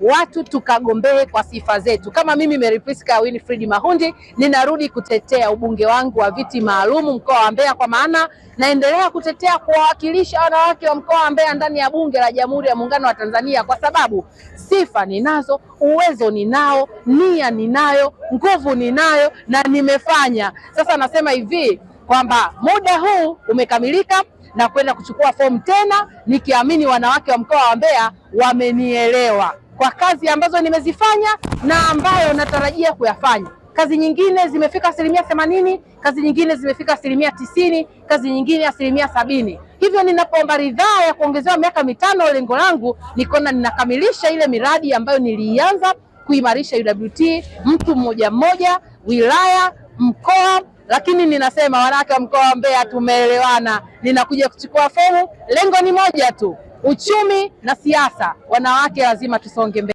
watu tukagombee kwa sifa zetu. Kama mimi Mary Priska Winfried Mahundi ninarudi kutetea ubunge wangu wa viti maalum mkoa wa Mbeya, kwa maana naendelea kutetea kuwawakilisha wanawake wa mkoa wa Mbeya ndani ya bunge la Jamhuri ya Muungano wa Tanzania, kwa sababu sifa ninazo, uwezo ninao, nia ninayo, nguvu ninayo na nimefanya. Sasa nasema hivi kwamba muda huu umekamilika na kwenda kuchukua fomu tena, nikiamini wanawake wa mkoa wa Mbeya wamenielewa kwa kazi ambazo nimezifanya na ambayo natarajia kuyafanya. Kazi nyingine zimefika asilimia themanini, kazi nyingine zimefika asilimia tisini, kazi nyingine asilimia sabini. Hivyo ninapoomba ridhaa ya kuongezewa miaka mitano, lengo langu nikaona ninakamilisha ile miradi ambayo nilianza kuimarisha UWT, mtu mmoja mmoja, wilaya, mkoa lakini ninasema wanawake wa mkoa wa Mbeya tumeelewana. Ninakuja kuchukua fomu, lengo ni moja tu, uchumi na siasa, wanawake lazima tusonge mbele.